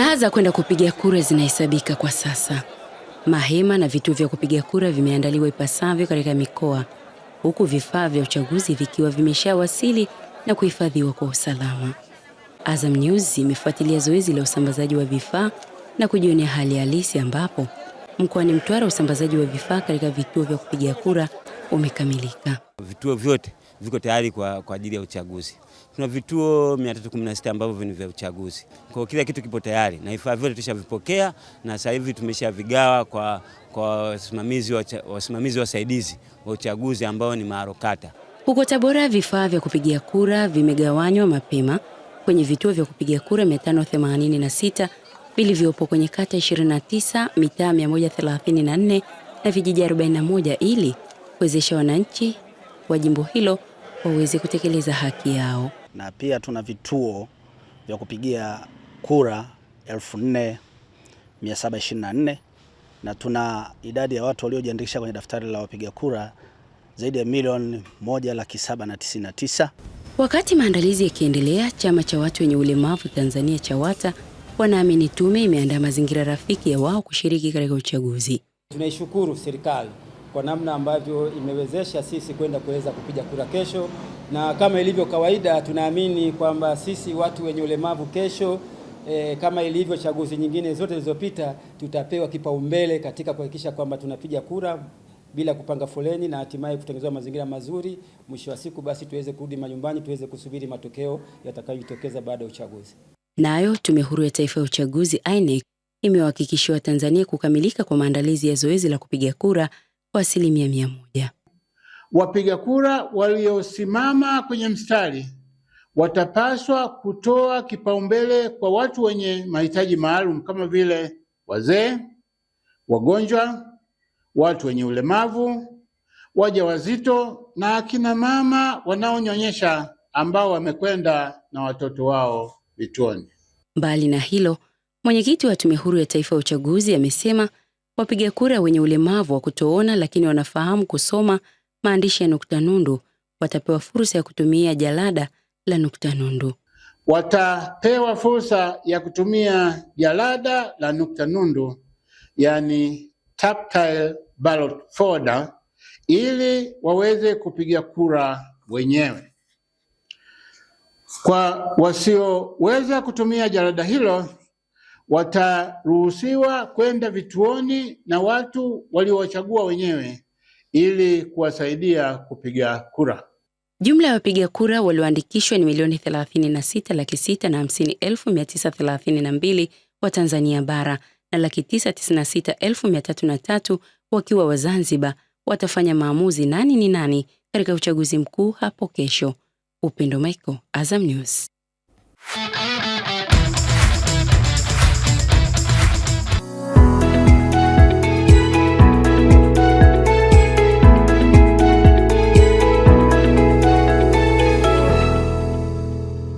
Saa za kwenda kupiga kura zinahesabika kwa sasa. Mahema na vituo vya kupiga kura vimeandaliwa ipasavyo katika mikoa, huku vifaa vya uchaguzi vikiwa vimeshawasili na kuhifadhiwa kwa usalama. Azam News imefuatilia zoezi la usambazaji wa vifaa na kujionea hali halisi, ambapo mkoani Mtwara usambazaji wa vifaa katika vituo vya kupiga kura umekamilika. Vituo vyote viko tayari kwa, kwa ajili ya uchaguzi. Tuna vituo 316 ambavyo ni vya uchaguzi. Kwa kila kitu kipo tayari na vifaa vyote tushavipokea na sasa hivi tumeshavigawa kwa, kwa wasimamizi wasimamizi wasaidizi wa uchaguzi ambao ni maarokata. Huko Tabora vifaa vya kupigia kura vimegawanywa mapema kwenye vituo vya kupigia kura 586 vilivyopo kwenye kata 29, mitaa 134 na vijiji 41 ili kuwezesha wananchi wa jimbo hilo waweze kutekeleza haki yao. Na pia tuna vituo vya kupigia kura 4724 na tuna idadi ya watu waliojiandikisha kwenye daftari la wapiga kura zaidi ya milioni moja laki saba na tisini na tisa. Wakati maandalizi yakiendelea, chama cha watu wenye ulemavu Tanzania CHAWATA wanaamini tume imeandaa mazingira rafiki ya wao kushiriki katika uchaguzi. Tunaishukuru serikali kwa namna ambavyo imewezesha sisi kwenda kuweza kupiga kura kesho, na kama ilivyo kawaida, tunaamini kwamba sisi watu wenye ulemavu kesho E, kama ilivyo chaguzi nyingine zote zilizopita tutapewa kipaumbele katika kuhakikisha kwamba tunapiga kura bila kupanga foleni na hatimaye kutengenezwa mazingira mazuri, mwisho wa siku basi tuweze kurudi manyumbani, tuweze kusubiri matokeo yatakayojitokeza baada ya uchaguzi. Nayo na Tume Huru ya Taifa ya Uchaguzi INEC imewahakikishia Watanzania kukamilika kwa maandalizi ya zoezi la kupiga kura kwa asilimia mia moja. Wapiga kura waliosimama kwenye mstari watapaswa kutoa kipaumbele kwa watu wenye mahitaji maalum kama vile wazee, wagonjwa, watu wenye ulemavu, wajawazito na akina mama wanaonyonyesha ambao wamekwenda na watoto wao vituoni. Mbali na hilo, mwenyekiti wa Tume Huru ya Taifa ya Uchaguzi amesema Wapiga kura wenye ulemavu wa kutoona lakini wanafahamu kusoma maandishi ya nukta nundu watapewa fursa ya kutumia jalada la nukta nundu. Watapewa fursa ya kutumia jalada la nukta nundu, yani tactile ballot folder, ili waweze kupiga kura wenyewe. Kwa wasioweza kutumia jalada hilo wataruhusiwa kwenda vituoni na watu waliowachagua wenyewe ili kuwasaidia kupiga kura. Jumla ya wapiga kura walioandikishwa ni milioni 36 laki sita na hamsini elfu mia tisa thelathini na mbili wa Tanzania bara na laki tisa tisini sita elfu mia tatu na tatu wakiwa wa Zanzibar. Watafanya maamuzi nani ni nani katika uchaguzi mkuu hapo kesho. Upendo Michael, Azam News.